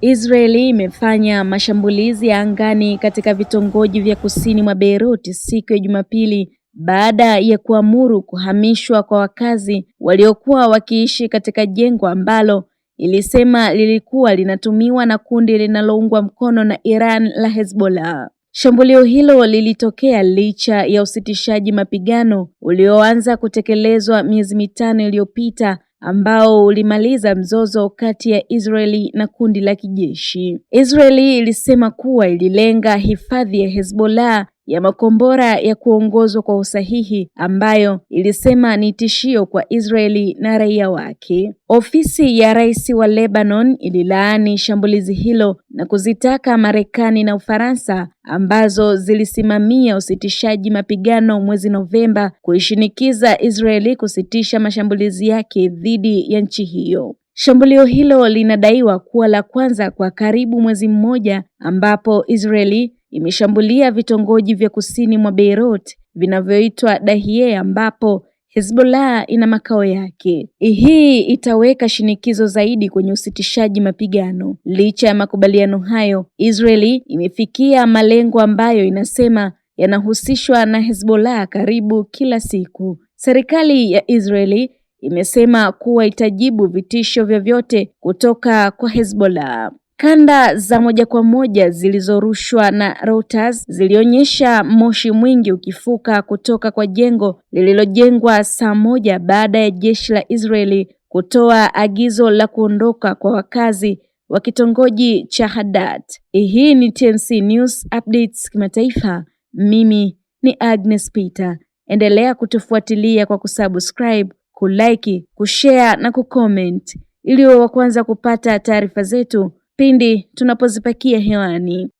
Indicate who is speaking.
Speaker 1: Israeli imefanya mashambulizi ya angani katika vitongoji vya kusini mwa Beirut siku ya Jumapili baada ya kuamuru kuhamishwa kwa wakazi waliokuwa wakiishi katika jengo ambalo ilisema lilikuwa linatumiwa na kundi linaloungwa mkono na Iran la Hezbollah. Shambulio hilo lilitokea licha ya usitishaji mapigano ulioanza kutekelezwa miezi mitano iliyopita ambao ulimaliza mzozo kati ya Israeli na kundi la kijeshi. Israeli ilisema kuwa ililenga hifadhi ya Hezbollah ya makombora ya kuongozwa kwa usahihi ambayo ilisema ni tishio kwa Israeli na raia wake. Ofisi ya Rais wa Lebanon ililaani shambulizi hilo na kuzitaka Marekani na Ufaransa ambazo zilisimamia usitishaji mapigano mwezi Novemba kuishinikiza Israeli kusitisha mashambulizi yake dhidi ya nchi hiyo. Shambulio hilo linadaiwa kuwa la kwanza kwa karibu mwezi mmoja ambapo Israeli imeshambulia vitongoji vya kusini mwa Beirut vinavyoitwa dahie ambapo Hezbollah ina makao yake. Hii itaweka shinikizo zaidi kwenye usitishaji mapigano. Licha ya makubaliano hayo, Israeli imefikia malengo ambayo inasema yanahusishwa na Hezbollah karibu kila siku. Serikali ya Israeli imesema kuwa itajibu vitisho vyovyote kutoka kwa Hezbollah. Kanda za moja kwa moja zilizorushwa na Reuters zilionyesha moshi mwingi ukifuka kutoka kwa jengo lililojengwa saa moja baada ya jeshi la Israeli kutoa agizo la kuondoka kwa wakazi wa kitongoji cha Hadad. Hii ni TMC News Updates kimataifa. Mimi ni Agnes Peter. Endelea kutufuatilia kwa kusubscribe, kulike, kushare na kucomment ili wa kwanza kupata taarifa zetu pindi tunapozipakia hewani.